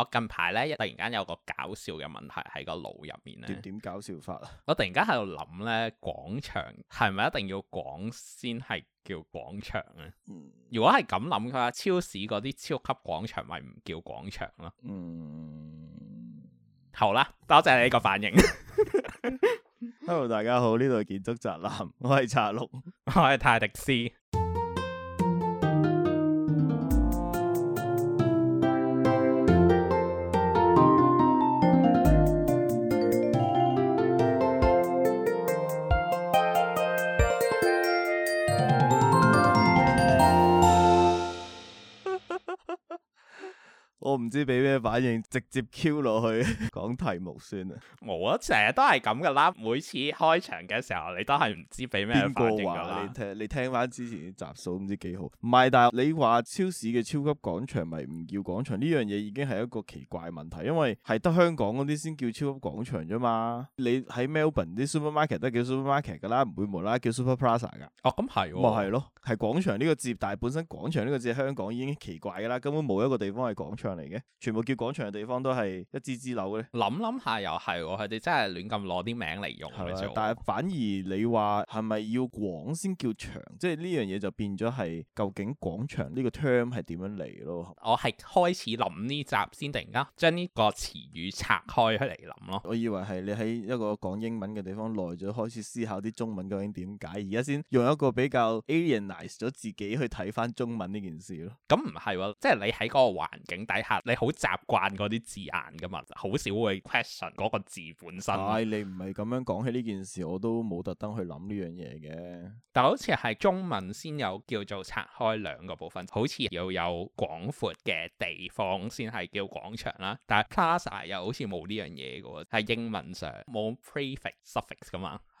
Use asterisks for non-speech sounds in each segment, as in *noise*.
我近排咧突然間有個搞笑嘅問題喺個腦入面咧，點，點搞笑法啊？我突然間喺度諗咧，廣場係咪一定要廣先係叫廣場啊？嗯、如果係咁諗嘅話，超市嗰啲超級廣場咪唔叫廣場咯？嗯，好啦，多謝你呢個反應。 *laughs* *laughs* hello，大家好，呢度係建築宅男，我係宅鹿。 *laughs* *laughs* 我係泰迪斯。知俾咩反應？直接 Q 落去講題目算啦。我啊，成日都係咁嘅啦。每次開場嘅時候，你都係唔知俾咩反應㗎啦。變過嘅，你聽你聽翻之前集數，唔知幾好。唔係，但係你話超市嘅超級廣場，咪唔叫廣場呢樣嘢已經係一個奇怪問題，因為係得香港嗰啲先叫超級廣場啫嘛。你喺 Melbourne 啲 supermarket 都叫 supermarket 㗎啦，唔會無啦啦叫 super plaza 㗎。哦，咁係喎，咪係咯，哦，係廣場呢個字，但係本身廣場呢個字喺香港已經奇怪㗎啦，根本冇一個地方係廣場嚟嘅。全部叫廣場嘅地方都係一枝枝樓咧，諗諗下又係喎，佢哋真係亂咁攞啲名嚟用嘅啫。但係反而你話係咪要廣先叫場？即係呢樣嘢就變咗係究竟廣場呢個 term 係點樣嚟咯？我係開始諗呢集先，突然間將呢個詞語拆開去嚟諗咯。我以為係你喺一個講英文嘅地方耐咗，開始思考啲中文究竟點解，而家先用一個比較 alienise 咗自己去睇翻中文呢件事咯。咁唔係喎，即係你喺嗰個環境底下你。好習慣嗰啲字眼㗎嘛，好少會 question 嗰個字本身。唉、哎，你唔係咁樣講起呢件事，我都冇特登去諗呢樣嘢嘅。但好似係中文先有叫做拆開兩個部分，好似要有廣闊嘅地方先係叫廣場啦。但係 class 又好似冇呢樣嘢㗎喎，係英文上冇 prefix suffix 㗎嘛。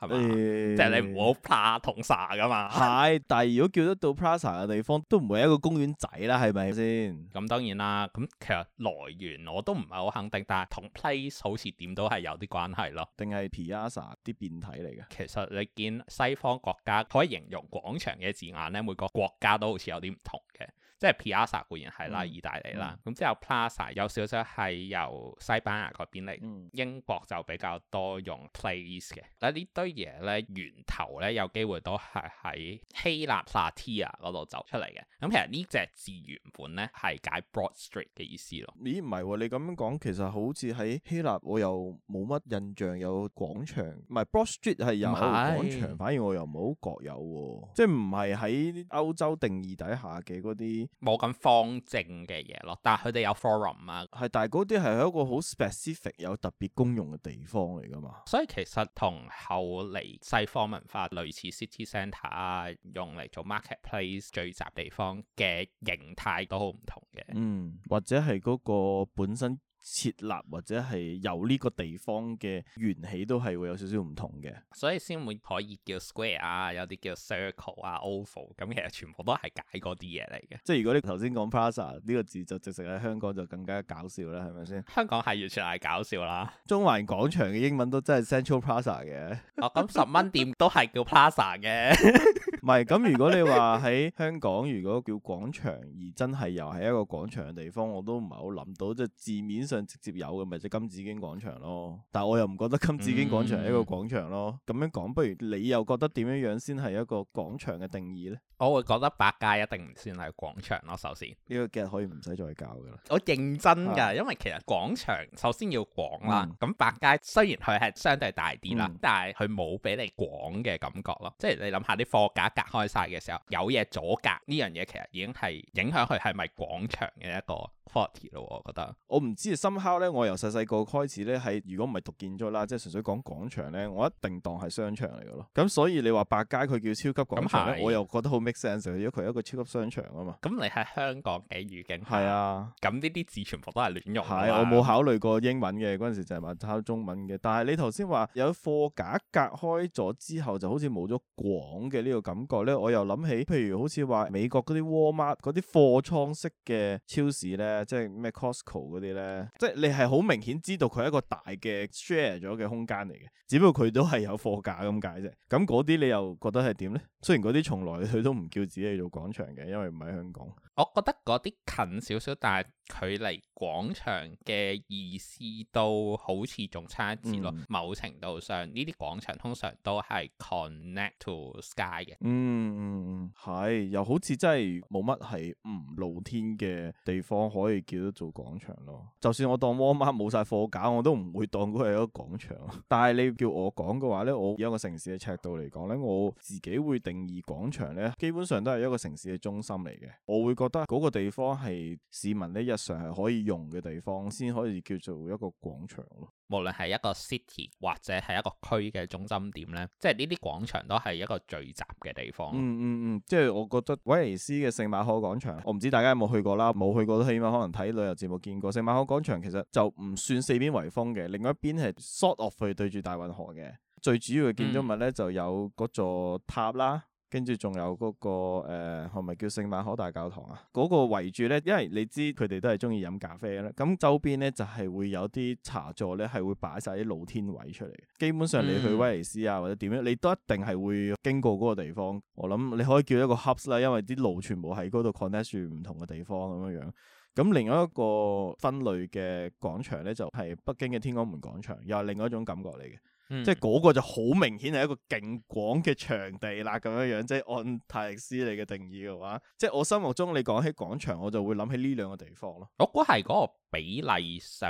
係咪？哎哎哎，即係你唔好 plaza 同啥噶嘛？係，但係如果叫得到 plaza 嘅地方，都唔會係一個公園仔啦，係咪先？咁當然啦，咁其實來源我都唔係好肯定，但係同 place 好似點都係有啲關係咯。定係 Piazza 啲變體嚟嘅？其實你見西方國家可以形容廣場嘅字眼咧，每個國家都好似有啲唔同嘅。即係 Piazza 固然係啦，嗯、意大利啦，咁之、嗯、後 Plaza 有少少係由西班牙嗰邊嚟，嗯、英國就比較多用 Place 嘅。嗱，呢堆嘢咧，源頭咧有機會都係喺希臘 Platia 嗰度走出嚟嘅。咁其實呢隻字原本咧係解 Broad Street 嘅意思咯。咦？唔係喎，你咁樣講其實好似喺希臘我又冇乜印象有廣場，唔係 Broad Street 係有廣場，反而我又唔係好覺有、啊，即係唔係喺歐洲定義底下嘅嗰啲。冇咁方正嘅嘢咯，但係佢哋有 forum 啊，係但係嗰啲係一個好 specific 有特別功用嘅地方嚟噶嘛，所以其實同後嚟西方文化類似 city centre 啊，用嚟做 marketplace 聚集地方嘅形態都好唔同嘅，嗯，或者係嗰個本身。設立或者係由呢個地方嘅緣起都係會有少少唔同嘅，所以先會可以叫 square 啊，有啲叫 circle 啊，oval 咁，其實全部都係解嗰啲嘢嚟嘅。即係如果你頭先講 plaza 呢個字，就直直喺香港就更加搞笑啦，係咪先？香港係完全係搞笑啦！中環廣場嘅英文都真係 Central Plaza 嘅。 *laughs* 哦，咁十蚊店都係叫 plaza 嘅 *laughs* *laughs* 。唔係，咁如果你話喺香港，如果叫廣場而真係又係一個廣場嘅地方，我都唔係好諗到，即係字面上。直接有嘅咪即金紫荊廣場咯，但係我又唔覺得金紫荊廣場係一個廣場咯。咁、嗯、樣講，不如你又覺得點樣樣先係一個廣場嘅定義咧？我會覺得百佳一定唔算係廣場咯。首先呢個其實可以唔使再教噶啦。我認真噶，啊、因為其實廣場首先要廣啦。咁、嗯、百佳雖然佢係相對大啲啦，嗯、但係佢冇俾你廣嘅感覺咯。嗯、即係你諗下啲貨架隔開晒嘅時候，有嘢阻隔呢樣嘢，這個、其實已經係影響佢係咪廣場嘅一個 quality 咯。我覺得我唔知。深烤咧，Somehow, 我由細細個開始咧，係如果唔係讀建築啦，即係純粹講,講廣場咧，我一定當係商場嚟嘅咯。咁所以你話百佳佢叫超級廣場，是我又覺得好 make sense，如果佢一個超級商場啊嘛。咁你喺香港嘅語境？係啊。咁呢啲字全部都係亂用。係，我冇考慮過英文嘅嗰陣時，就係話抄中文嘅。但係你頭先話有貨架隔開咗之後，就好似冇咗廣嘅呢個感覺咧。我又諗起，譬如好似話美國嗰啲 Wal-Mart 嗰啲貨倉式嘅超市咧，即係咩 Costco 嗰啲咧。即係你係好明顯知道佢係一個大嘅 share 咗嘅空間嚟嘅，只不過佢都係有貨架咁解啫。咁嗰啲你又覺得係點呢？雖然嗰啲從來佢都唔叫自己去做廣場嘅，因為唔喺香港。我覺得嗰啲近少少，但係距離廣場嘅意思都好似仲差一截咯。嗯、某程度上，呢啲廣場通常都係 connect to sky 嘅。嗯，嗯嗯，係，又好似真係冇乜係唔露天嘅地方可以叫做做廣場咯。就算我當 Walmart 冇晒貨架，我都唔會當佢係一個廣場。但係你要叫我講嘅話咧，我以一個城市嘅尺度嚟講咧，我自己會定義廣場咧，基本上都係一個城市嘅中心嚟嘅。我會覺覺得嗰個地方係市民咧日常係可以用嘅地方，先可以叫做一個廣場咯。無論係一個 city 或者係一個區嘅中心點咧，即係呢啲廣場都係一個聚集嘅地方。嗯嗯嗯，即係我覺得威尼斯嘅聖馬可廣場，我唔知大家有冇去過啦。冇去過都起碼可能睇旅遊節目見過。聖馬可廣場其實就唔算四邊圍封嘅，另外一邊係 shot 落去對住大運河嘅。最主要嘅建築物咧、嗯、就有嗰座塔啦。跟住仲有嗰、那個誒，係、呃、咪叫聖馬可大教堂啊？嗰、那個圍住咧，因為你知佢哋都係中意飲咖啡嘅，咁周邊咧就係、是、會有啲茶座咧，係會擺晒啲露天位出嚟。基本上你去威尼斯啊或者點樣，你都一定係會經過嗰個地方。我諗你可以叫一個 Hub 啦，因為啲路全部喺嗰度 connect 住唔同嘅地方咁樣樣。咁另外一個分類嘅廣場咧，就係、是、北京嘅天安門廣場，又係另外一種感覺嚟嘅。即係嗰個就好明顯係一個勁廣嘅場地啦，咁樣樣即係按泰力斯你嘅定義嘅話，即係我心目中你講起廣場，我就會諗起呢兩個地方咯。我估係嗰個。比例上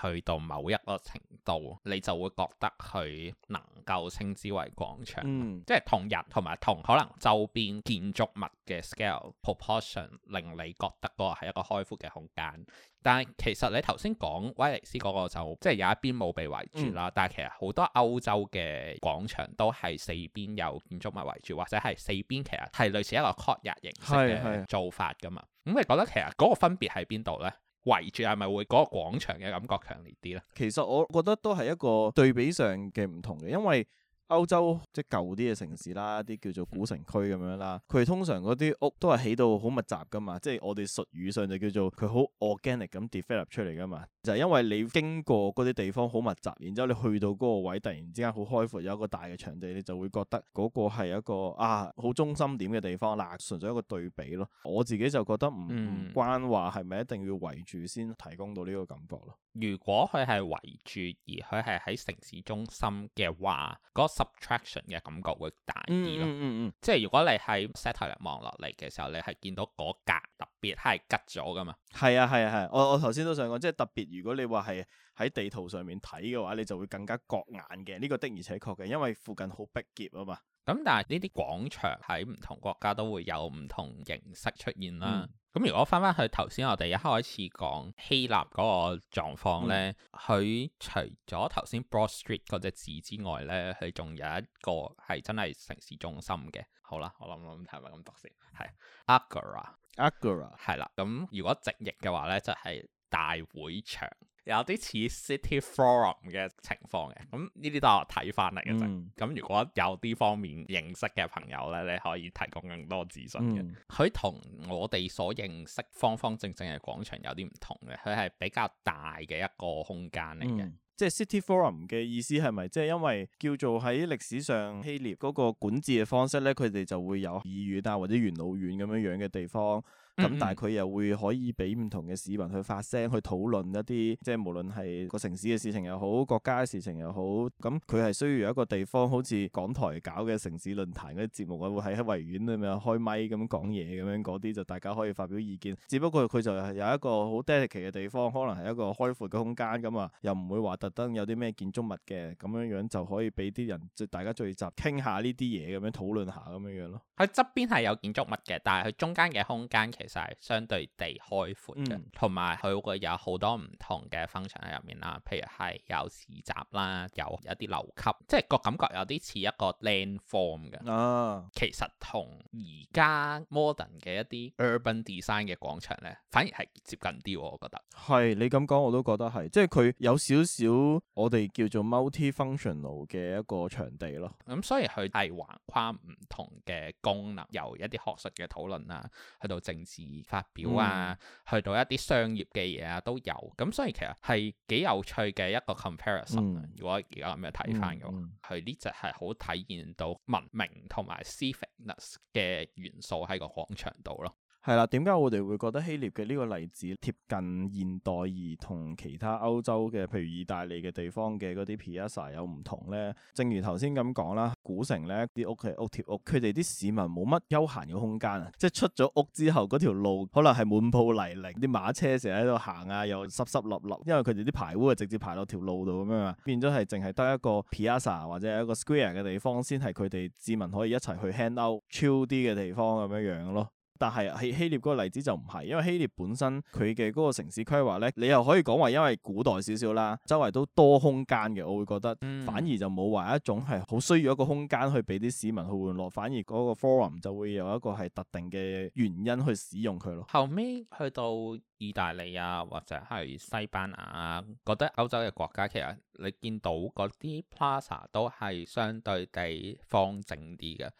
去到某一個程度，你就會覺得佢能夠稱之為廣場，嗯、即係同人同埋同可能周邊建築物嘅 scale proportion 令你覺得嗰個係一個開闊嘅空間。但係其實你頭先講威尼斯嗰個就即係、就是、有一邊冇被圍住啦，嗯、但係其實好多歐洲嘅廣場都係四邊有建築物圍住，或者係四邊其實係類似一個 court 形式嘅做法噶嘛。咁是、嗯、你覺得其實嗰個分別喺邊度呢？圍住係咪會嗰個廣場嘅感覺強烈啲咧？其實我覺得都係一個對比上嘅唔同嘅，因為，歐洲即係舊啲嘅城市啦，啲叫做古城區咁樣啦。佢通常嗰啲屋都係起到好密集噶嘛，即係我哋術語上就叫做佢好 organic 咁 develop 出嚟噶嘛。就係、是、因為你經過嗰啲地方好密集，然之後你去到嗰個位突然之間好開闊，有一個大嘅場地，你就會覺得嗰個係一個啊好中心點嘅地方。嗱、呃，純粹一個對比咯。我自己就覺得唔、嗯、關話係咪一定要圍住先提供到呢個感覺咯。如果佢係圍住而佢係喺城市中心嘅話，嗰個 Attraction 嘅感覺會大啲咯，嗯嗯嗯嗯、即係如果你喺 satellite 望落嚟嘅時候，你係見到嗰格特別係吉咗噶嘛？係啊，係啊，係、啊。我我頭先都想講，即係特別如果你話係喺地圖上面睇嘅話，你就會更加覺眼嘅，呢個的而且確嘅，因為附近好逼劫啊嘛。咁但係呢啲廣場喺唔同國家都會有唔同形式出現啦。咁如果翻翻去頭先我哋一開始講希臘嗰個狀況咧，佢、嗯、除咗頭先 Broad Street 嗰隻字之外咧，佢仲有一個係真係城市中心嘅。好啦，我諗諗睇下咪咁讀先。係 Agora，Agora 係啦。咁如果直譯嘅話咧，就係、係、大會場。有啲似 City Forum 嘅情況嘅，咁呢啲都係我睇翻嚟嘅啫。咁、嗯、如果有啲方面認識嘅朋友咧，你可以提供更多資訊嘅。佢同、嗯、我哋所認識方方正正嘅廣場有啲唔同嘅，佢係比較大嘅一個空間嚟嘅。嗯即係 City Forum 嘅意思係咪？即係因為叫做喺歷史上希臘嗰個管治嘅方式咧，佢哋就會有議院啊，或者元老院咁樣樣嘅地方。咁、嗯嗯、但係佢又會可以俾唔同嘅市民去發聲，去討論一啲即係無論係個城市嘅事情又好，國家嘅事情又好。咁佢係需要有一個地方，好似港台搞嘅城市論壇嗰啲節目啊，會喺維園咁樣開咪咁講嘢咁樣嗰啲，就大家可以發表意見。只不過佢就係有一個好 delicate 嘅地方，可能係一個開闊嘅空間咁啊，又唔會話，特登有啲咩建築物嘅咁樣樣，就可以俾啲人即大家聚集傾下呢啲嘢咁樣討論下咁樣樣咯。佢側邊係有建築物嘅，但係佢中間嘅空間其實係相對地開闊嘅，同埋佢會有好多唔同嘅分場喺入面啦。譬如係有市集啦，有有啲樓級，即係個感覺有啲似一個 land form 嘅。啊，其實同而家 modern 嘅一啲 urban design 嘅廣場咧，反而係接近啲，我覺得。係你咁講我都覺得係即係佢有少少。我哋叫做 multi-functional 嘅一個場地咯，咁、嗯、所以佢係橫跨唔同嘅功能，由一啲學術嘅討論啊，去到政治發表啊，嗯、去到一啲商業嘅嘢啊都有。咁所以其實係幾有趣嘅一個 comparison 啊。嗯、如果而家咁樣睇翻嘅話，佢呢只係好體現到文明同埋 sophistic 嘅元素喺個廣場度咯。係啦，點解我哋會覺得希臘嘅呢個例子貼近現代，而同其他歐洲嘅，譬如意大利嘅地方嘅嗰啲 piazza 有唔同咧？正如頭先咁講啦，古城咧啲屋係屋貼屋，佢哋啲市民冇乜休閒嘅空間啊，即係出咗屋之後嗰條路可能係滿布泥濘，啲馬車成日喺度行啊，又濕濕立立，因為佢哋啲排污啊直接排落條路度咁樣啊，變咗係淨係得一個 piazza 或者一個 square 嘅地方，先係佢哋市民可以一齊去 hand out chill 啲嘅地方咁樣樣咯。但係喺希臘嗰個例子就唔係，因為希臘本身佢嘅嗰個城市規劃咧，你又可以講話因為古代少少啦，周圍都多空間嘅，我會覺得反而就冇話一種係好需要一個空間去俾啲市民去玩樂，反而嗰個 forum 就會有一個係特定嘅原因去使用佢咯。後尾去到意大利啊，或者係西班牙啊，覺得歐洲嘅國家其實你見到嗰啲 Plaza 都係相對地方正啲嘅。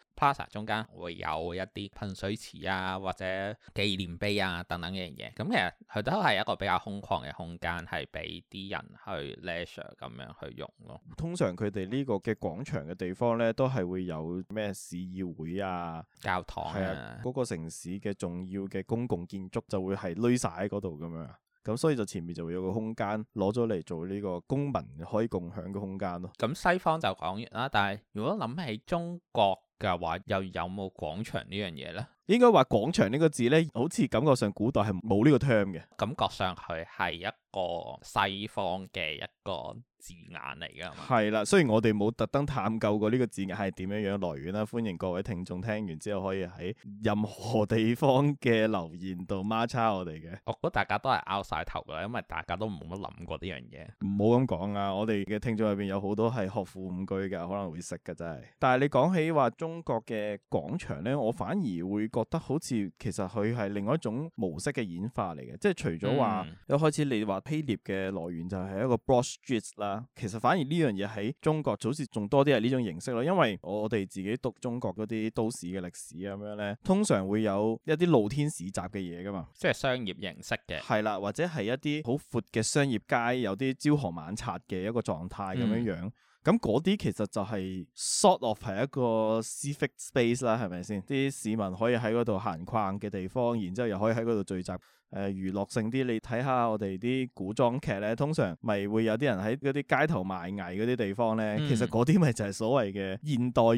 中間會有一啲噴水池啊，或者紀念碑啊等等一樣嘢，咁、嗯、其實佢都係一個比較空曠嘅空間，係俾啲人去 leisure 咁樣去用咯。通常佢哋呢個嘅廣場嘅地方咧，都係會有咩市議會啊、教堂啊，嗰、啊嗰個城市嘅重要嘅公共建築就會係攏晒喺嗰度咁樣。咁所以就前面就會有個空間攞咗嚟做呢個公民可以共享嘅空間咯。咁西方就講完啦，但係如果諗起中國嘅話，又有冇廣場呢樣嘢咧？應該話廣場呢個字咧，好似感覺上古代係冇呢個 term 嘅，感覺上佢係一個西方嘅一個字眼嚟㗎嘛，係啦的。雖然我哋冇特登探究過呢個字眼係點樣樣來源啦，歡迎各位聽眾聽完之後可以喺任何地方嘅留言度孖叉我哋嘅。我覺得大家都係拗晒頭㗎啦，因為大家都冇乜諗過呢樣嘢。唔好咁講啊！我哋嘅聽眾裏邊有好多係學富五車㗎，可能會識㗎真係。但係你講起話中國嘅廣場咧，我反而會覺得好似其實佢係另外一種模式嘅演化嚟嘅，即係除咗話、嗯、一開始你話。批列嘅來源就係一個 Broad Street 啦，其實反而呢樣嘢喺中國就好似仲多啲係呢種形式咯，因為我哋自己讀中國嗰啲都市嘅歷史咁樣咧，通常會有一啲露天市集嘅嘢噶嘛，即係商業形式嘅，係啦，或者係一啲好闊嘅商業街，有啲朝河晚拆嘅一個狀態咁樣樣，咁嗰啲其實就係 sort of 係一個 civic space 啦，係咪先？啲市民可以喺嗰度閒逛嘅地方，然之後又可以喺嗰度聚集。誒娛樂性啲，你睇下我哋啲古裝劇咧，通常咪會有啲人喺嗰啲街頭賣藝嗰啲地方咧，嗯、其實嗰啲咪就係所謂嘅現代語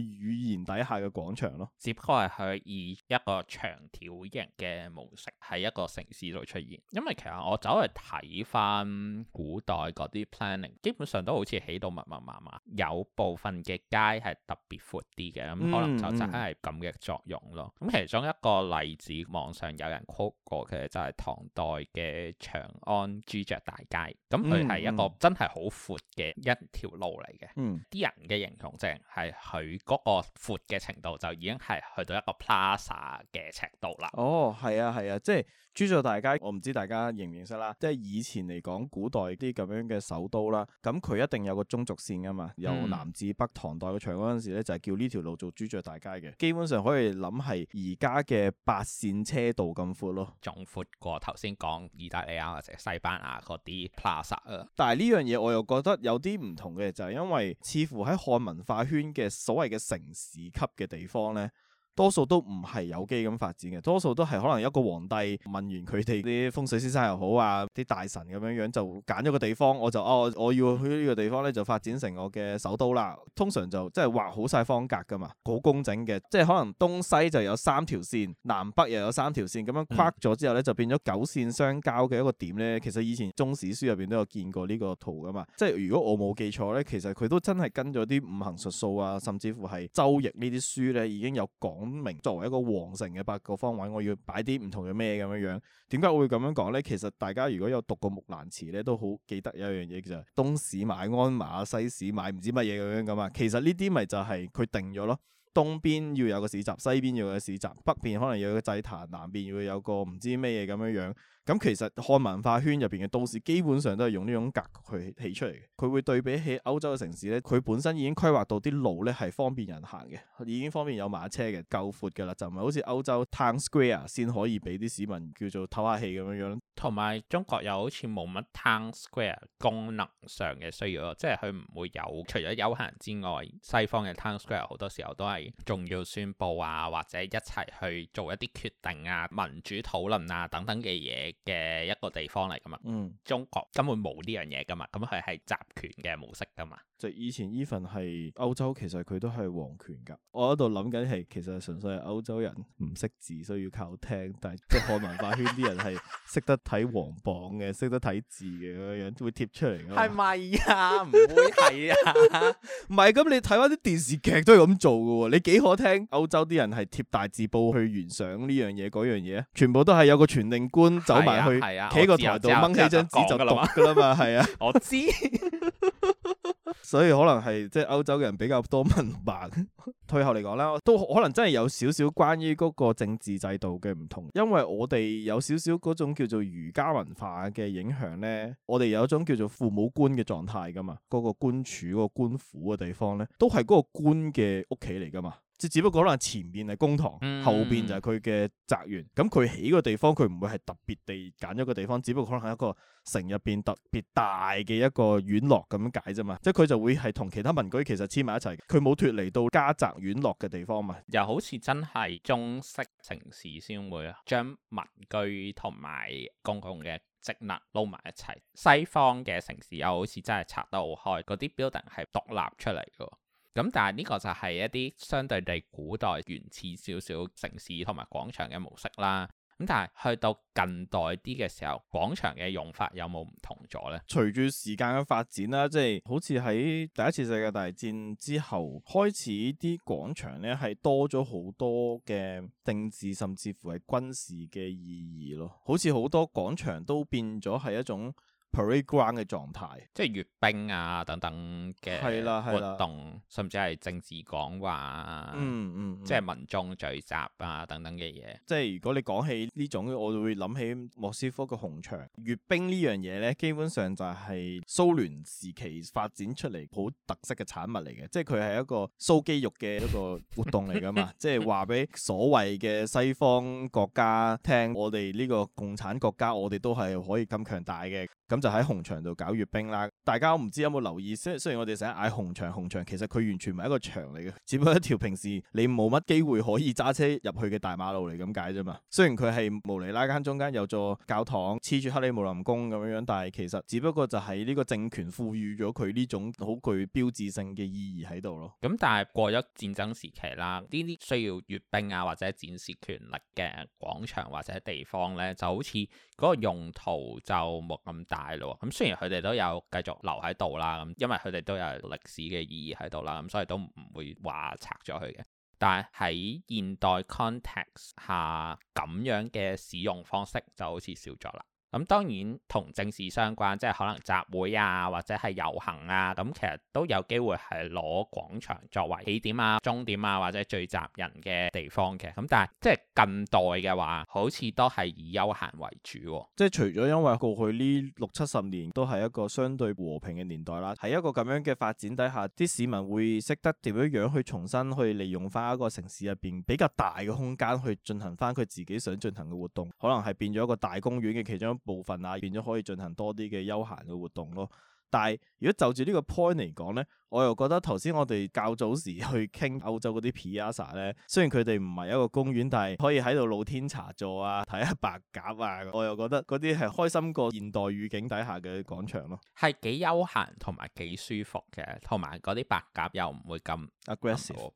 言底下嘅廣場咯，只不過係佢以一個長條形嘅模式喺一個城市度出現。因為其實我走去睇翻古代嗰啲 planning，基本上都好似起到密密麻麻，麻，有部分嘅街係特別闊啲嘅，咁、嗯嗯、可能就就係咁嘅作用咯。咁、嗯嗯、其中一個例子，網上有人 quote 過嘅就係、是。唐代嘅長安朱雀大街，咁佢係一個真係好闊嘅一條路嚟嘅，嗯、啲人嘅形容即係佢嗰個闊嘅程度就已經係去到一個 Plaza 嘅尺度啦。哦，係啊，係啊，即係。朱雀大街，我唔知大家認唔認識啦。即係以前嚟講，古代啲咁樣嘅首都啦，咁佢一定有個中軸線噶嘛。由南至北，唐代嘅長安嗰陣時咧，就係、是、叫呢條路做朱雀大街嘅。基本上可以諗係而家嘅八線車道咁闊咯，仲闊過頭先講意大利啊，或者西班牙嗰啲 plaza 啊。但係呢樣嘢我又覺得有啲唔同嘅，就係、是、因為似乎喺漢文化圈嘅所謂嘅城市級嘅地方咧。多數都唔係有機咁發展嘅，多數都係可能一個皇帝問完佢哋啲風水先生又好啊，啲大臣咁樣樣就揀咗個地方，我就哦我要去呢個地方咧就發展成我嘅首都啦。通常就即係畫好晒方格噶嘛，好工整嘅，即係可能東西就有三條線，南北又有三條線，咁樣框咗之後咧就變咗九線相交嘅一個點咧。其實以前中史書入邊都有見過呢個圖噶嘛，即係如果我冇記錯咧，其實佢都真係跟咗啲五行術數啊，甚至乎係《周易》呢啲書咧已經有講。明作為一個皇城嘅八個方位，我要擺啲唔同嘅咩咁樣樣。點解我會咁樣講咧？其實大家如果有讀過木蘭詞咧，都好記得有一樣嘢就係東市買鞍馬，西市買唔知乜嘢咁樣咁啊。其實呢啲咪就係佢定咗咯。東邊要有個市集，西邊要有個市集，北邊可能要有個祭壇，南邊要有個唔知咩嘢咁樣樣。咁其實漢文化圈入邊嘅都市基本上都係用呢種格局去起出嚟嘅。佢會對比起歐洲嘅城市咧，佢本身已經規劃到啲路咧係方便人行嘅，已經方便有馬車嘅，夠闊㗎啦，就唔係好似歐洲 town square 先可以俾啲市民叫做唞下氣咁樣樣。同埋中國又好似冇乜 town square 功能上嘅需要咯，即係佢唔會有。除咗休閒之外，西方嘅 town square 好多時候都係仲要宣佈啊，或者一齊去做一啲決定啊、民主討論啊等等嘅嘢。嘅一個地方嚟噶嘛？嗯，中國根本冇呢樣嘢噶嘛，咁佢係集權嘅模式噶嘛。即以前 even 係歐洲，其實佢都係皇權噶。我喺度諗緊係，其實純粹係歐洲人唔識字，所以要靠聽。但係即係漢文化圈啲人係識得睇黃榜嘅，識 *laughs* 得睇字嘅咁樣，會貼出嚟。係咪啊？唔會係啊？唔係咁，你睇翻啲電視劇都係咁做嘅喎。你幾可聽歐洲啲人係貼大字報去懸賞呢樣嘢嗰樣嘢，全部都係有個傳令官走埋去，企個台度掹起張紙就讀噶啦嘛，係啊， *laughs* 我知道， *laughs* 所以可能係即係歐洲嘅人比較多文化。 *laughs* 退後嚟講啦，都可能真係有少少關於嗰個政治制度嘅唔同，因為我哋有少少嗰種叫做儒家文化嘅影響咧，我哋有一種叫做父母官嘅狀態噶嘛，嗰、嗰個官署、嗰、嗰個官府嘅地方咧，都係嗰個官嘅屋企嚟噶嘛。即只不過可能前面係公堂，嗯、後邊就係佢嘅宅院。咁佢起個地方，佢唔會係特別地揀咗個地方，只不過可能喺一個城入邊特別大嘅一個院落咁解啫嘛。即係佢就會係同其他民居其實黐埋一齊，佢冇脫離到家宅院落嘅地方嘛。又好似真係中式城市先會啊將民居同埋公共嘅職能撈埋一齊。西方嘅城市又好似真係拆得好開，嗰啲 building 係獨立出嚟㗎。咁但係呢個就係一啲相對地古代原始少少城市同埋廣場嘅模式啦。咁但係去到近代啲嘅時候，廣場嘅用法有冇唔同咗呢？隨住時間嘅發展啦，即係好似喺第一次世界大戰之後，開始啲廣場咧係多咗好多嘅政治甚至乎係軍事嘅意義咯。好似好多廣場都變咗係一種 parade ground 嘅狀態，即係閱兵啊，等等嘅活動，甚至係政治講話，嗯嗯，即、嗯、係民眾聚集啊，等等嘅嘢。即係如果你講起呢種，我就會諗起莫斯科嘅紅場閱兵呢樣嘢咧。基本上就係蘇聯時期發展出嚟好特色嘅產物嚟嘅，即係佢係一個蘇肌肉嘅一個活動嚟噶嘛。 *laughs* 即係話俾所謂嘅西方國家聽，我哋呢個共產國家，我哋都係可以咁強大嘅。咁就喺紅場度搞閱兵啦。大家唔知有冇留意？雖雖然我哋成日嗌紅場紅場，其實佢完全唔係一個場嚟嘅，只不過一條平時你冇乜機會可以揸車入去嘅大馬路嚟咁解啫嘛。雖然佢係無釐拉間中間有座教堂，黐住克里姆林宮咁樣樣，但係其實只不過就喺呢個政權賦予咗佢呢種好具標誌性嘅意義喺度咯。咁但係過咗戰爭時期啦，呢啲需要閱兵啊或者展示權力嘅廣場或者地方咧，就好似嗰個用途就冇咁大咯。咁雖然佢哋都有繼續。留喺度啦，咁因為佢哋都有歷史嘅意義喺度啦，咁所以都唔會話拆咗佢嘅。但係喺現代 context 下，咁樣嘅使用方式就好似少咗啦。咁當然同政事相關，即係可能集會啊，或者係遊行啊，咁其實都有機會係攞廣場作為起點啊、終點啊，或者聚集人嘅地方嘅。咁但係即係近代嘅話，好似都係以休閒為主啊，即係除咗因為過去呢六七十年都係一個相對和平嘅年代啦，喺一個咁樣嘅發展底下，啲市民會識得點樣樣去重新去利用翻一個城市入邊比較大嘅空間去進行翻佢自己想進行嘅活動，可能係變咗一個大公園嘅其中部分啊，變咗可以進行多啲嘅休閒嘅活動咯。但係如果就住呢個 point 嚟講呢，我又覺得頭先我哋較早時去傾歐洲嗰啲 Piazza 呢，雖然佢哋唔係一個公園，但係可以喺度露天茶座啊，睇下白鴿啊，我又覺得嗰啲係開心過現代語境底下嘅廣場咯。係幾休閒同埋幾舒服嘅，同埋嗰啲白鴿又唔會咁 aggressive。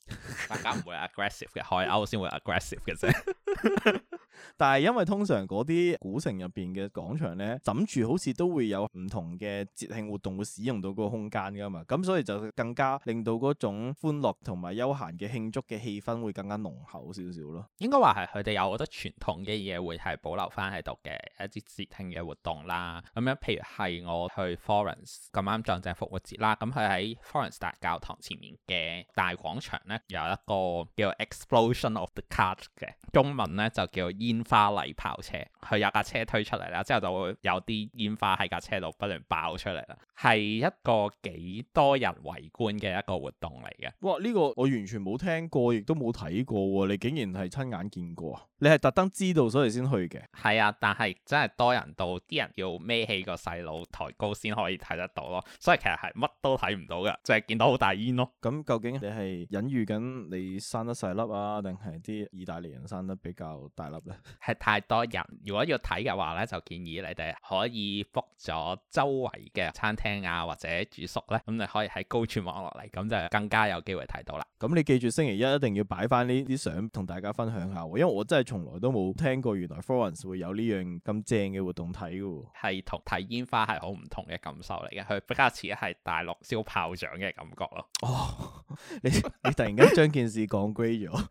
白鴿唔會 aggressive 嘅，海鷗先會 aggressive 嘅啫。 *laughs* 但係因為通常嗰啲古城入邊嘅廣場咧，枕住好似都會有唔同嘅節慶活動會使用到個空間㗎嘛，咁所以就更加令到嗰種歡樂同埋休閒嘅慶祝嘅氣氛會更加濃厚少少咯。應該話係佢哋有好多傳統嘅嘢會係保留翻喺度嘅一啲節慶嘅活動啦。咁樣譬如係我去 Florence，咁啱撞正復活節啦，咁佢喺 Florence 大教堂前面嘅大廣場咧，有一個叫 Explosion of the Cart 嘅，中文咧就叫煙花禮炮車，佢有架車推出嚟啦，之後就會有啲煙花喺架車度不斷爆出嚟啦。係一個幾多人圍觀嘅一個活動嚟嘅。哇，呢個我完全冇聽過，亦都冇睇過喎。你竟然係親眼見過？你係特登知道所以先去嘅？係啊，但係真係多人到，啲人要孭起個細佬抬高先可以睇得到咯。所以其實係乜都睇唔到嘅，淨係見到好大煙咯。咁究竟你係隱喻緊你生得細粒啊，定係啲意大利人生得比較大粒咧？係太多人，如果要睇嘅話咧，就建議你哋可以覆咗周圍嘅餐廳啊，或者住宿咧，咁、嗯、你可以喺高處望落嚟，咁就更加有機會睇到啦。咁你記住星期一一定要擺翻呢啲相同大家分享下，因為我真係從來都冇聽過，原來 Florence 會有呢樣咁正嘅活動睇嘅，係同睇煙花係好唔同嘅感受嚟嘅，佢比較似係大陸燒炮仗嘅感覺咯。哦，你你突然間將 *laughs* 件事講歸咗，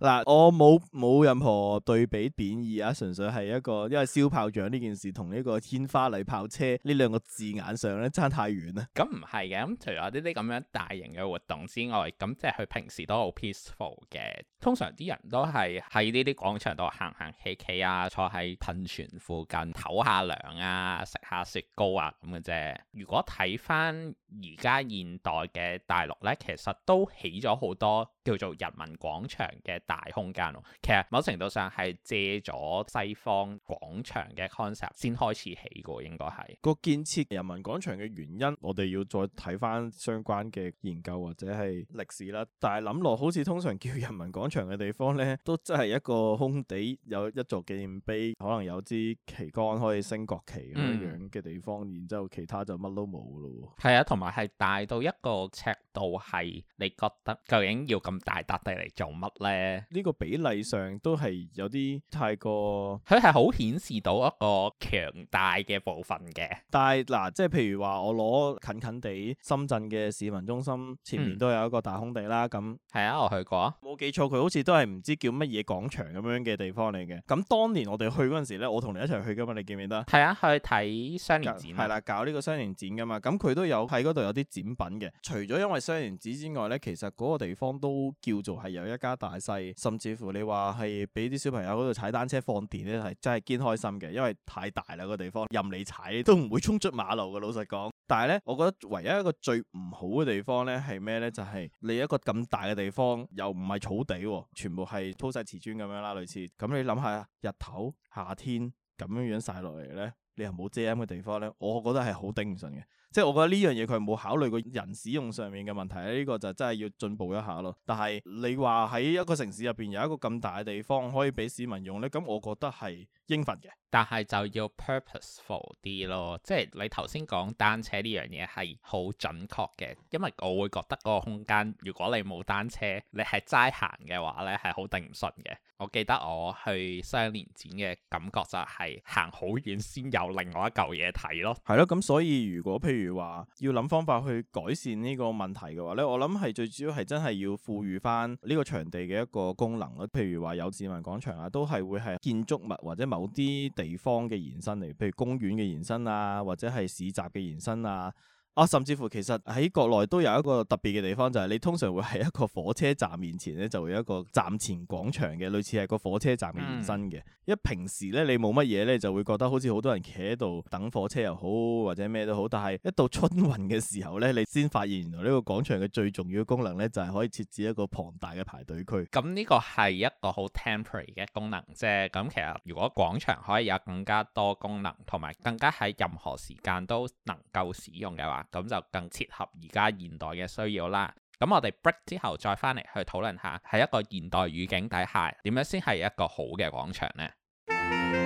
嗱。 *laughs* *laughs* 我冇冇任何對比貶義啊，純粹係一個，因為燒炮仗呢件事同呢個煙花禮炮車呢兩個字眼上咧差太遠啦。咁唔係嘅，咁、嗯、除咗呢啲咁樣大型嘅活動之外，咁、嗯、即係佢平時都好 peaceful 嘅。通常啲人都係喺呢啲廣場度行行企企啊，坐喺噴泉附近唞下涼啊，食下雪糕啊咁嘅啫。如果睇翻。而家現代嘅大陸咧，其實都起咗好多叫做人民廣場嘅大空間咯。其實某程度上係借咗西方廣場嘅 concept 先開始起嘅，應該係個建設人民廣場嘅原因。我哋要再睇翻相關嘅研究或者係歷史啦。但係諗落好似通常叫人民廣場嘅地方咧，都真係一個空地，有一座紀念碑，可能有支旗杆可以升國旗咁樣嘅地方，嗯、然之後其他就乜都冇咯。係啊，同埋。係大到一個尺度，係你覺得究竟要咁大笪地嚟做乜咧？呢個比例上都係有啲太過，佢係好顯示到一個強大嘅部分嘅。但係嗱、啊，即係譬如話，我攞近近地深圳嘅市民中心前面、嗯、都有一個大空地啦。咁係啊，我去過啊，冇記錯，佢好似都係唔知叫乜嘢廣場咁樣嘅地方嚟嘅。咁當年我哋去嗰陣時咧，我同你一齊去㗎嘛，你記唔記得？係啊，去睇雙年展。係啦、啊，搞呢個雙年展㗎嘛。咁佢都有喺，嗰度有啲展品嘅，除咗因為雙連子之外咧，其實嗰個地方都叫做係有一家大細，甚至乎你話係俾啲小朋友嗰度踩單車放電咧，係真係堅開心嘅，因為太大啦個地方，任你踩都唔會衝出馬路嘅。老實講，但係咧，我覺得唯一一個最唔好嘅地方咧係咩咧？就係、是、你一個咁大嘅地方，又唔係草地、啊，全部係鋪晒瓷磚咁樣啦，類似咁你諗下日頭夏天咁樣樣曬落嚟咧，你又冇遮陰嘅地方咧，我覺得係好頂唔順嘅。即係我覺得呢樣嘢佢冇考慮過人使用上面嘅問題，呢個就真係要進步一下咯。但係你話喺一個城市入邊有一個咁大嘅地方可以俾市民用呢？咁我覺得係應份嘅。但係就要 purposeful 啲咯，即係你頭先講單車呢樣嘢係好準確嘅，因為我會覺得嗰個空間如果你冇單車，你係齋行嘅話呢，係好定唔順嘅。我記得我去西貢年展嘅感覺就係行好遠先有另外一嚿嘢睇咯。係咯，咁所以如果譬如。如話要諗方法去改善呢個問題嘅話呢，我諗係最主要係真係要賦予翻呢個場地嘅一個功能咯。譬如話有市民廣場啊，都係會係建築物或者某啲地方嘅延伸嚟，譬如公園嘅延伸啊，或者係市集嘅延伸啊。啊，甚至乎其實喺國內都有一個特別嘅地方，就係、是、你通常會喺一個火車站面前咧，就會有一個站前廣場嘅，類似係個火車站嘅延伸嘅。嗯、因為平時咧，你冇乜嘢咧，就會覺得好似好多人企喺度等火車又好，或者咩都好。但係一到春運嘅時候咧，你先發現原來呢個廣場嘅最重要嘅功能咧，就係、是、可以設置一個龐大嘅排隊區。咁呢、嗯這個係一個好 temporary 嘅功能啫。咁其實如果廣場可以有更加多功能，同埋更加喺任何時間都能夠使用嘅話，咁就更切合而家現代嘅需要啦。咁我哋 break 之後再翻嚟去討論下，喺一個現代語境底下，點樣先係一個好嘅廣場呢？ *music*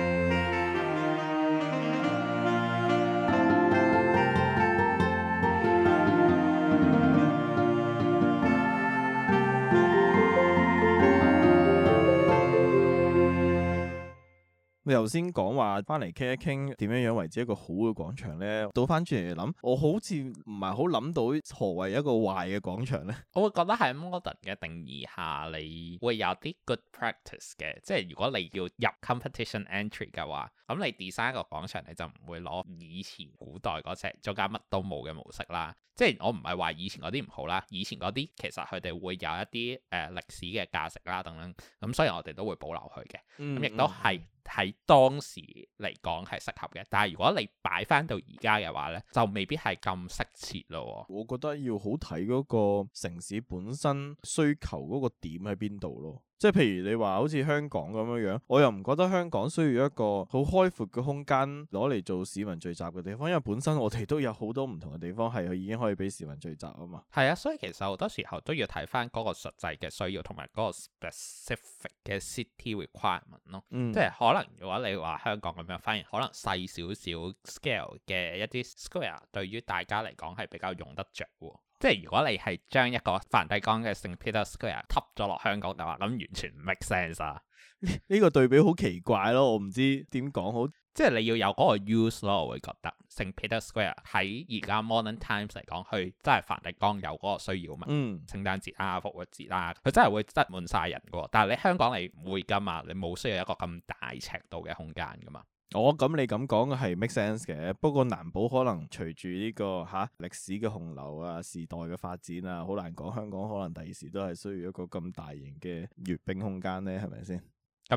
你頭先講話翻嚟傾一傾點樣樣為之一個好嘅廣場咧，倒翻轉嚟諗，我好似唔係好諗到何謂一個壞嘅廣場咧。我會覺得喺 modern 嘅定義下，你會有啲 good practice 嘅，即係如果你要入 competition entry 嘅話，咁你 design 一個廣場你就唔會攞以前古代嗰隻中間乜都冇嘅模式啦。即係我唔係話以前嗰啲唔好啦，以前嗰啲其實佢哋會有一啲誒、呃、歷史嘅價值啦等等，咁所以我哋都會保留佢嘅，咁亦都係、嗯嗯。喺當時嚟講係適合嘅，但係如果你擺翻到而家嘅話咧，就未必係咁適切咯。我覺得要好睇嗰個城市本身需求嗰個點喺邊度咯。即係譬如你話好似香港咁樣樣，我又唔覺得香港需要一個好開闊嘅空間攞嚟做市民聚集嘅地方，因為本身我哋都有好多唔同嘅地方係已經可以俾市民聚集啊嘛。係啊，所以其實好多時候都要睇返嗰個實際嘅需要同埋嗰個 specific 嘅 city requirement 咯。嗯、即係可能嘅話你話香港咁樣，反而可能細少少 scale 嘅一啲 square 對於大家嚟講係比較用得着喎。即係如果你係將一個梵蒂岡嘅 St. Peter Square 吸咗落香港嘅話，咁完全唔 make sense 啊！呢 *laughs* 個對比好奇怪咯，我唔知點講好。即係你要有嗰個 use 咯，我會覺得 St. Peter Square 喺而家 modern times 嚟講，佢真係梵蒂岡有嗰個需要啊嘛。嗯，聖誕節啊、復活節啊，佢真係會擠滿晒人嘅。但係你香港你唔會㗎嘛，你冇需要一個咁大尺度嘅空間㗎嘛。我咁，哦、你咁講係 make sense 嘅，不過南寶可能隨住呢個嚇歷史嘅洪流啊、時代嘅發展啊，好難講香港可能第二時都係需要一個咁大型嘅閱兵空間呢，係咪先？咁，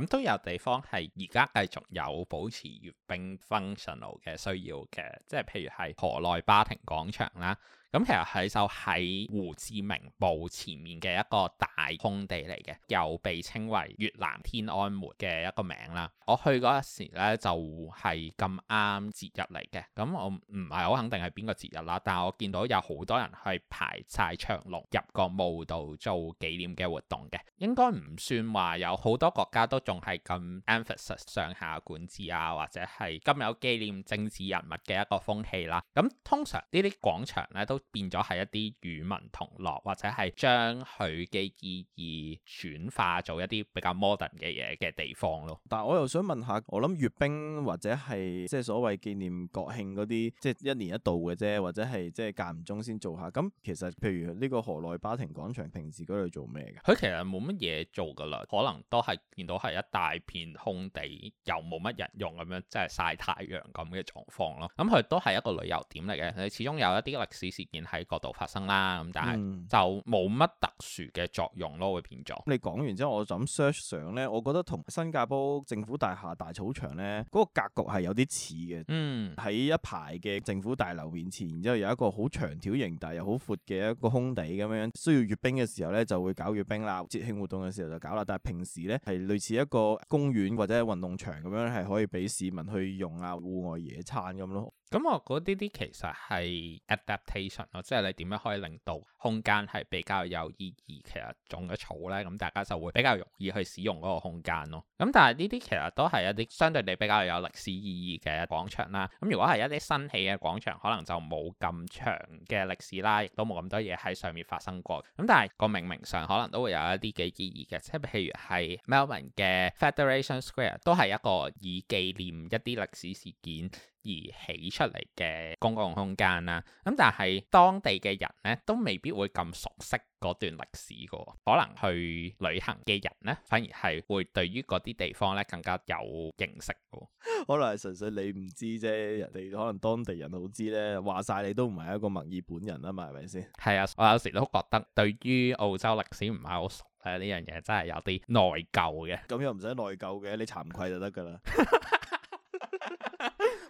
嗯、都有地方係而家繼續有保持閱兵 functional 嘅需要嘅，即係譬如係河內巴亭廣場啦。咁其實，喺就喺胡志明墓前面嘅一個大空地嚟嘅，又被稱為越南天安門嘅一個名啦。我去嗰陣時咧就係咁啱節日嚟嘅，咁我唔係好肯定係邊個節日啦，但係我見到有好多人去排晒長龍入個墓度做紀念嘅活動嘅，應該唔算話有好多國家都仲係咁 emphasis 上下管制啊，或者係咁有紀念政治人物嘅一個風氣啦。咁通常呢啲廣場咧都～變咗係一啲與民同樂，或者係將佢嘅意義轉化做一啲比較 modern 嘅嘢嘅地方咯。但係我又想問下，我諗閱兵或者係即係所謂紀念國慶嗰啲，即係一年一度嘅啫，或者係即係間唔中先做下。咁其實譬如呢個河內巴亭廣場平時嗰度做咩嘅？佢其實冇乜嘢做㗎啦，可能都係見到係一大片空地，又冇乜人用咁樣，即係曬太陽咁嘅狀況咯。咁、嗯、佢都係一個旅遊點嚟嘅，你始終有一啲歷史事見喺嗰度發生啦，咁但係就冇乜特殊嘅作用咯，嗯、會變咗。你講完之後，我就諗 search 咧，我覺得同新加坡政府大廈大草場咧嗰個格局係有啲似嘅。嗯，喺一排嘅政府大樓面前，然之後有一個好長條形但又好闊嘅一個空地咁樣，需要閱兵嘅時候咧就會搞閱兵啦，節慶活動嘅時候就搞啦。但係平時咧係類似一個公園或者運動場咁樣，係可以俾市民去用啊，戶外野餐咁咯。咁我覺得呢啲其實係 adaptation 咯，即係你點樣可以令到空間係比較有意義，其實種咗草呢，咁大家就會比較容易去使用嗰個空間咯。咁但係呢啲其實都係一啲相對地比較有歷史意義嘅廣場啦。咁如果係一啲新起嘅廣場，可能就冇咁長嘅歷史啦，亦都冇咁多嘢喺上面發生過。咁但係個命名，名上可能都會有一啲嘅意義嘅，即係譬如係 Melbourne 嘅 Federation Square 都係一個以紀念一啲歷史事件。而起出嚟嘅公共空間啦，咁但係當地嘅人呢，都未必會咁熟悉嗰段歷史嘅，可能去旅行嘅人呢，反而係會對於嗰啲地方呢更加有認識嘅。可能係純粹你唔知啫，人哋可能當地人都好知呢。話晒你都唔係一個墨爾本人啊嘛，係咪先？係啊，我有時都覺得對於澳洲歷史唔係好熟咧，呢樣嘢真係有啲內疚嘅。咁又唔使內疚嘅，你慚愧就得㗎啦。 *laughs*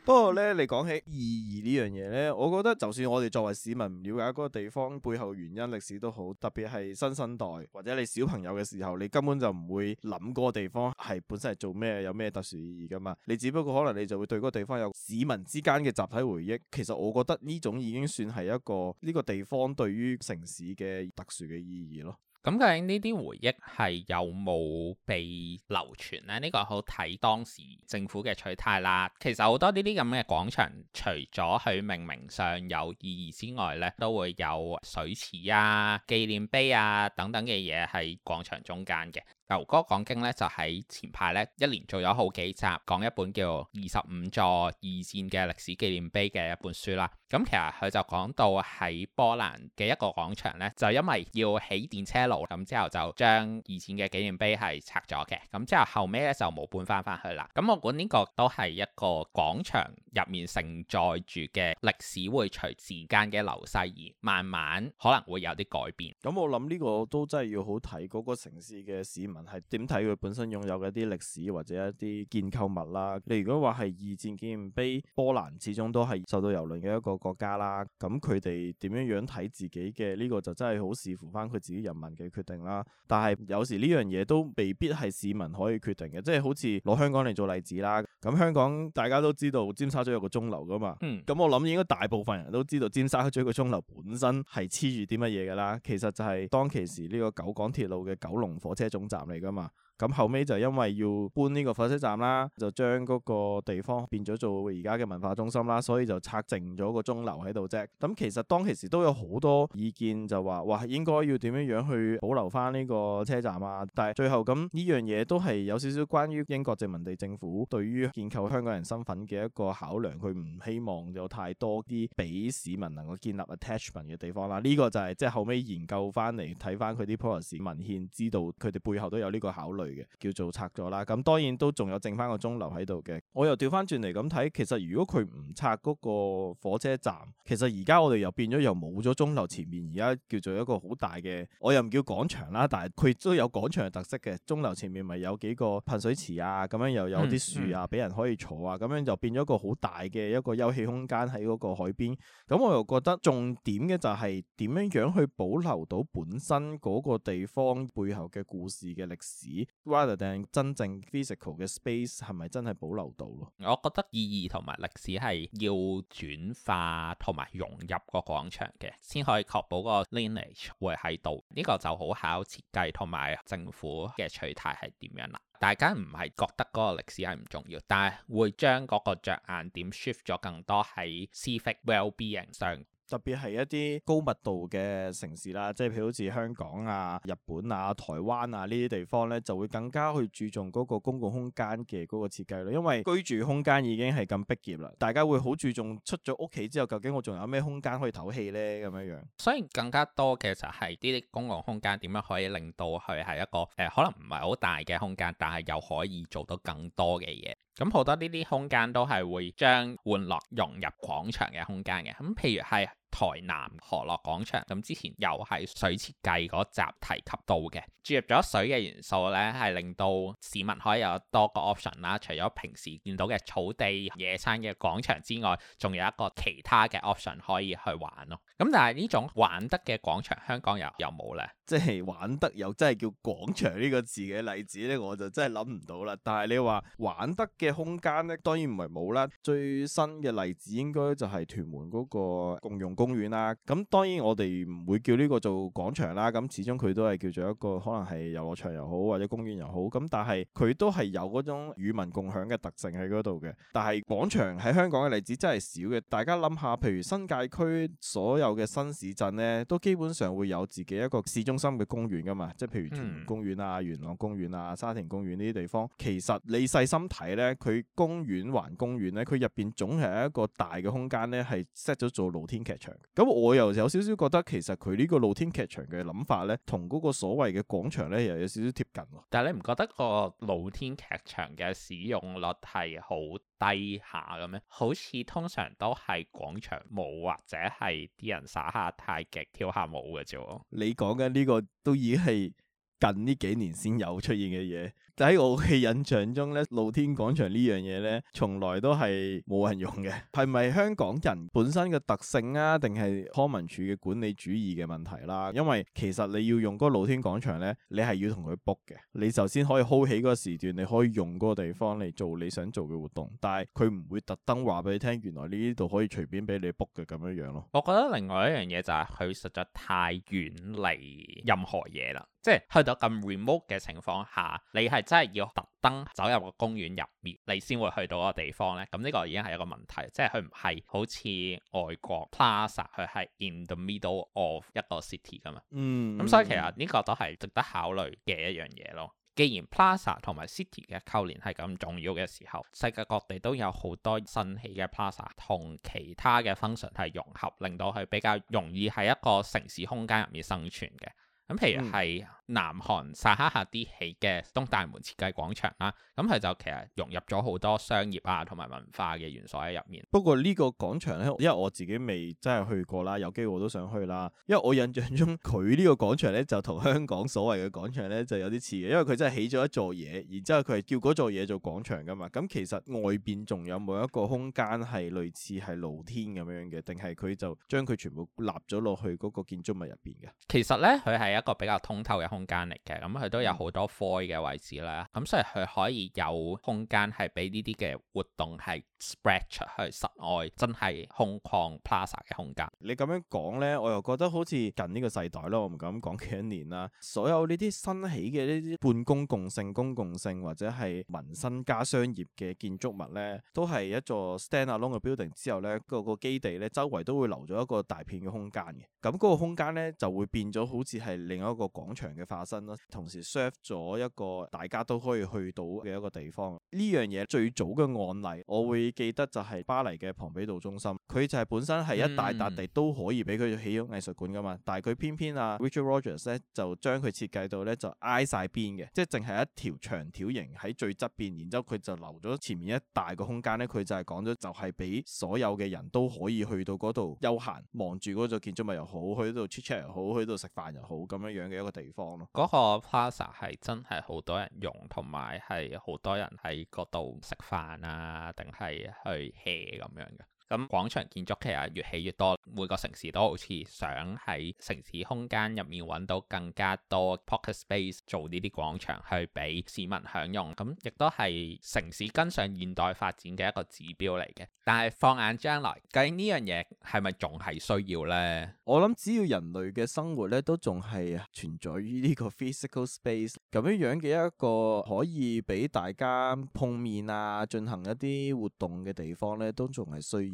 不過咧，你講起意義呢樣嘢咧，我覺得就算我哋作為市民唔了解嗰個地方背後原因、歷史都好，特別係新生代或者你小朋友嘅時候，你根本就唔會諗嗰個地方係本身係做咩、有咩特殊意義噶嘛。你只不過可能你就會對嗰個地方有市民之間嘅集體回憶。其實我覺得呢種已經算係一個呢個地方對於城市嘅特殊嘅意義咯。咁究竟呢啲回憶係有冇被流傳咧？呢個好睇當時政府嘅取態啦。其實好多呢啲咁嘅廣場，除咗佢命名上有意義之外咧，都會有水池啊、紀念碑啊等等嘅嘢喺廣場中間嘅。牛哥講經咧，就喺前排咧，一連做咗好幾集，講一本叫《二十五座二戰嘅歷史紀念碑》嘅一本書啦。咁其實佢就講到喺波蘭嘅一個廣場咧，就因為要起電車路，咁之後就將二戰嘅紀念碑係拆咗嘅。咁之後後尾咧就冇搬翻翻去啦。咁我估呢個都係一個廣場入面承載住嘅歷史，會隨時間嘅流逝而慢慢可能會有啲改變。咁我諗呢個都真係要好睇嗰個城市嘅市民。係點睇佢本身擁有嘅一啲歷史或者一啲建構物啦。你如果話係二戰紀念碑，波蘭始終都係受到蹂躪嘅一個國家啦。咁佢哋點樣樣睇自己嘅呢個，就真係好視乎翻佢自己人民嘅決定啦。但係有時呢樣嘢都未必係市民可以決定嘅，即係好似攞香港嚟做例子啦。咁香港大家都知道尖沙咀有個鐘樓噶嘛？嗯。咁我諗應該大部分人都知道尖沙咀個鐘樓本身係黐住啲乜嘢㗎啦。其實就係當其時呢個九廣鐵路嘅九龍火車總站。嚟噶嘛？咁後尾就因為要搬呢個火車站啦，就將嗰個地方變咗做而家嘅文化中心啦，所以就拆淨咗個鐘樓喺度啫。咁其實當其時都有好多意見就話，哇，應該要點樣樣去保留翻呢個車站啊。但係最後咁呢樣嘢都係有少少關於英國殖民地政府對於建構香港人身份嘅一個考量，佢唔希望有太多啲俾市民能夠建立 attachment 嘅地方啦。呢、這個就係、是、即係後尾研究翻嚟睇翻佢啲 policy 歷史文獻，知道佢哋背後都有呢個考慮。叫做拆咗啦，咁當然都仲有剩翻個鐘樓喺度嘅。我又調翻轉嚟，咁睇，其實如果佢唔拆嗰個火車站，其實而家我哋又變咗又冇咗鐘樓前面，而家叫做一個好大嘅，我又唔叫廣場啦，但係佢都有廣場嘅特色嘅。鐘樓前面咪有幾個噴水池啊，咁樣又有啲樹啊，俾人可以坐啊，咁樣就變咗一個好大嘅一個休憩空間喺嗰個海邊。咁我又覺得重點嘅就係點樣樣去保留到本身嗰個地方背後嘅故事嘅歷史。water 定真正 physical 嘅 space 係咪真係保留到咯？我覺得意義同埋歷史係要轉化同埋融入個廣場嘅，先可以確保個 lineage 會喺度。呢個就好考設計同埋政府嘅取態係點樣啦。大家唔係覺得嗰個歷史係唔重要，但係會將嗰個着眼點 shift 咗更多喺 civic well-being 上。特別係一啲高密度嘅城市啦，即係譬如好似香港啊、日本啊、台灣啊呢啲地方咧，就會更加去注重嗰個公共空間嘅嗰個設計咯。因為居住空間已經係咁逼仄啦，大家會好注重出咗屋企之後，究竟我仲有咩空間可以唞氣呢？咁樣樣。所以更加多其實係呢啲公共空間點樣可以令到佢係一個誒、呃，可能唔係好大嘅空間，但係又可以做到更多嘅嘢。咁好多呢啲空間都係會將玩樂融入廣場嘅空間嘅。咁譬如係。台南河樂廣場，咁之前又係水設計嗰集提及到嘅，注入咗水嘅元素咧，係令到市民可以有多個 option 啦。除咗平時見到嘅草地、野餐嘅廣場之外，仲有一個其他嘅 option 可以去玩咯。咁但係呢種玩得嘅廣場香港又有冇咧？即係玩得又真係叫廣場呢個字嘅例子咧，我就真係諗唔到啦。但係你話玩得嘅空間咧，當然唔係冇啦。最新嘅例子應該就係屯門嗰個共用公園啦，咁當然我哋唔會叫呢個做廣場啦。咁始終佢都係叫做一個可能係遊樂場又好，或者公園又好。咁但係佢都係有嗰種與民共享嘅特性喺嗰度嘅。但係廣場喺香港嘅例子真係少嘅。大家諗下，譬如新界區所有嘅新市鎮咧，都基本上會有自己一個市中心嘅公園㗎嘛。即係譬如屯門公園啊、元朗公園啊、沙田公園呢啲地方。其實你細心睇咧，佢公園環公園咧，佢入邊總係一個大嘅空間咧，係 set 咗做露天劇場。咁我又有少少覺得，其實佢呢個露天劇場嘅諗法呢，同嗰個所謂嘅廣場呢，又有少少貼近。但係你唔覺得個露天劇場嘅使用率係好低下嘅咩？好似通常都係廣場舞或者係啲人耍下太極、跳下舞嘅啫。你講緊呢個都已經係近呢幾年先有出現嘅嘢。就喺我嘅印象中咧，露天廣場呢樣嘢咧，從來都係冇人用嘅。係 *laughs* 咪香港人本身嘅特性啊？定係康文署嘅管理主義嘅問題啦、啊？因為其實你要用個露天廣場咧，你係要同佢 book 嘅，你首先可以 hold 起個時段，你可以用個地方嚟做你想做嘅活動，但係佢唔會特登話俾你聽原來呢度可以隨便俾你 book 嘅咁樣樣咯。我覺得另外一樣嘢就係、是、佢實在太遠離任何嘢啦，即係去到咁 remote 嘅情況下，你係。即係要特登走入個公園入面，你先會去到個地方呢。咁呢個已經係一個問題，即係佢唔係好似外國 plaza，佢係 in the middle of 一個 city 噶嘛。嗯。咁所以其實呢個都係值得考慮嘅一樣嘢咯。既然 plaza 同埋 city 嘅扣連係咁重要嘅時候，世界各地都有好多新起嘅 plaza 同其他嘅 function 係融合，令到佢比較容易喺一個城市空間入面生存嘅。咁譬如係。嗯南韓薩哈哈蒂起嘅東大門設計廣場啦，咁佢就其實融入咗好多商業啊同埋文化嘅元素喺入面。不過呢個廣場咧，因為我自己未真係去過啦，有機會我都想去啦。因為我印象中佢呢個廣場咧就同香港所謂嘅廣場咧就有啲似嘅，因為佢真係起咗一座嘢，然之後佢係叫嗰座嘢做廣場㗎嘛。咁其實外邊仲有冇一個空間係類似係露天咁樣嘅，定係佢就將佢全部立咗落去嗰個建築物入邊嘅？其實咧，佢係一個比較通透嘅。空間嚟嘅，咁佢都有好多 for 嘅位置啦，咁所以佢可以有空間係俾呢啲嘅活動係 spread 出去室外，真係空曠 plaza 嘅空間。你咁樣講咧，我又覺得好似近呢個世代咯，我唔敢講幾多年啦。所有呢啲新起嘅呢啲半公共性、公共性或者係民生加商業嘅建築物咧，都係一座 stand-alone 嘅 building 之後咧，個、那個基地咧周圍都會留咗一個大片嘅空間嘅。咁、那、嗰個空間咧就會變咗好似係另一個廣場嘅。化身啦，同時 serve 咗一個大家都可以去到嘅一個地方。呢樣嘢最早嘅案例，我會記得就係巴黎嘅蓬比度中心。佢就係本身係一大笪地都可以俾佢起咗藝術館噶嘛，但係佢偏偏啊，Richard Rogers 咧就將佢設計到咧就挨晒邊嘅，即係淨係一條長條形喺最側邊，然之後佢就留咗前面一大個空間咧，佢就係講咗就係俾所有嘅人都可以去到嗰度休閒，望住嗰座建築物又好，去度 chitchat 又好，去度食飯又好咁樣樣嘅一個地方。嗰個 plaza 係真係好多人用，同埋係好多人喺嗰度食飯啊，定係去 hea 咁樣嘅。咁廣場建築其實越起越多，每個城市都好似想喺城市空間入面揾到更加多 pocket space 做呢啲廣場去俾市民享用，咁亦都係城市跟上現代發展嘅一個指標嚟嘅。但係放眼將來，計呢樣嘢係咪仲係需要咧？我諗只要人類嘅生活咧都仲係存在於呢個 physical space 咁樣樣嘅一個可以俾大家碰面啊，進行一啲活動嘅地方咧，都仲係需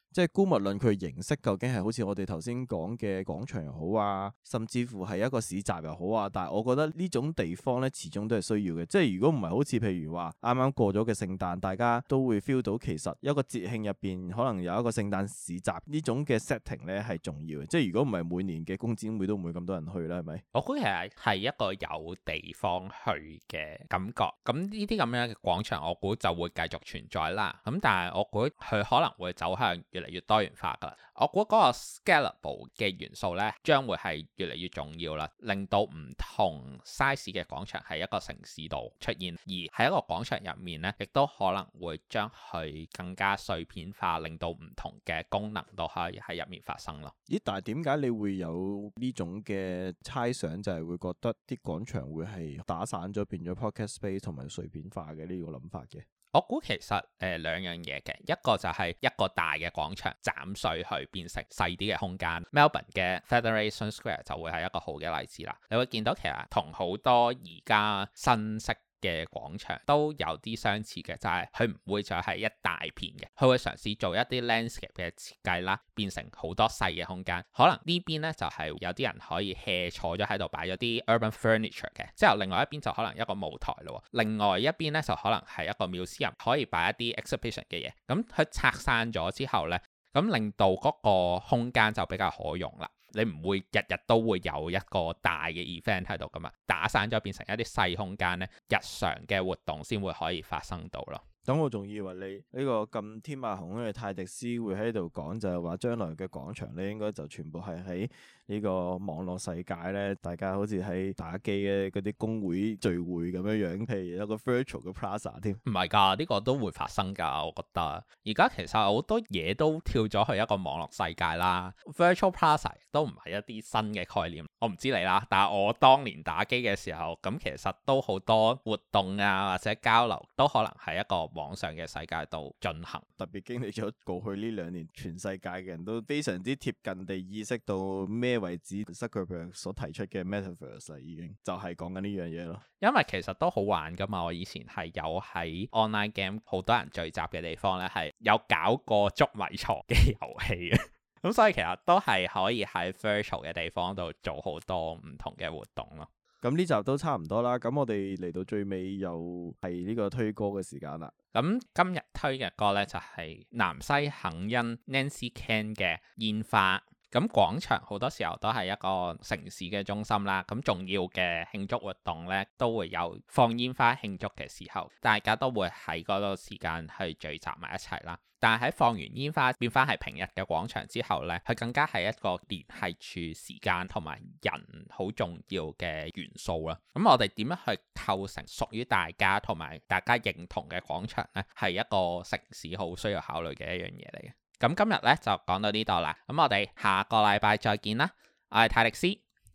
即係估唔論佢形式，究竟係好似我哋頭先講嘅廣場又好啊，甚至乎係一個市集又好啊，但係我覺得呢種地方咧，始終都係需要嘅。即係如果唔係好似譬如話啱啱過咗嘅聖誕，大家都會 feel 到其實一個節慶入邊可能有一個聖誕市集呢種嘅 setting 咧係重要嘅。即係如果唔係每年嘅工展會都唔會咁多人去啦，係咪？我估其係一個有地方去嘅感覺，咁呢啲咁樣嘅廣場我估就會繼續存在啦。咁但係我估佢可能會走向嚟越多元化噶啦。我估嗰個 scalable 嘅元素咧，將會係越嚟越重要啦，令到唔同 size 嘅廣場喺一個城市度出現，而喺一個廣場入面咧，亦都可能會將佢更加碎片化，令到唔同嘅功能都可以喺入面發生咯。咦？但係點解你會有呢種嘅猜想，就係會覺得啲廣場會係打散咗變咗 pocket space 同埋碎片化嘅呢個諗法嘅？我估其實誒兩樣嘢嘅，一個就係一個大嘅廣場斬碎去。變成細啲嘅空間，Melbourne 嘅 Federation Square 就會係一個好嘅例子啦。你會見到其實同好多而家新式嘅廣場都有啲相似嘅，就係佢唔會再係一大片嘅，佢會嘗試做一啲 landscape 嘅設計啦，變成好多細嘅空間。可能呢邊呢，就係有啲人可以 hea 坐咗喺度擺咗啲 urban furniture 嘅，之後另外一邊就可能一個舞台咯，另外一邊呢，就可能係一個 museum，可以擺一啲 exhibition 嘅嘢。咁佢拆散咗之後呢。咁令到嗰個空間就比較可用啦，你唔會日日都會有一個大嘅 event 喺度噶嘛，打散咗變成一啲細空間咧，日常嘅活動先會可以發生到咯。咁我仲以為你呢個咁天馬行空嘅泰迪斯會喺度講，就係話將來嘅廣場咧，應該就全部係喺，呢個網絡世界咧，大家好似喺打機嘅嗰啲公會聚會咁樣樣，譬如一個 virtual 嘅 plaza 添。唔係㗎，呢個都會發生㗎，我覺得。而家其實好多嘢都跳咗去一個網絡世界啦。Virtual plaza 都唔係一啲新嘅概念。我唔知你啦，但係我當年打機嘅時候，咁其實都好多活動啊，或者交流都可能喺一個網上嘅世界度進行。特別經歷咗過去呢兩年，全世界嘅人都非常之貼近地意識到咩？為止失 q 佢所提出嘅 Metaverse 已經就係講緊呢樣嘢咯。因為其實都好玩噶嘛，我以前係有喺 online game 好多人聚集嘅地方咧，係有搞過捉迷藏嘅遊戲。咁所以其實都係可以喺 virtual 嘅地方度做好多唔同嘅活動咯。咁呢集都差唔多啦，咁我哋嚟到最尾又係呢個推歌嘅時間啦。咁今日推嘅歌咧就係、是、南西肯恩 Neci Ken 嘅《煙花》。咁廣場好多時候都係一個城市嘅中心啦，咁重要嘅慶祝活動呢，都會有放煙花慶祝嘅時候，大家都會喺嗰個時間去聚集埋一齊啦。但係喺放完煙花變返係平日嘅廣場之後呢，佢更加係一個聯繫住時間同埋人好重要嘅元素啦。咁我哋點樣去構成屬於大家同埋大家認同嘅廣場呢？係一個城市好需要考慮嘅一樣嘢嚟嘅。咁今日咧就講到呢度啦，咁我哋下個禮拜再見啦。我係泰力斯，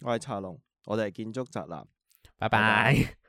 我係茶龍，我哋係建築宅男，拜拜。 *laughs*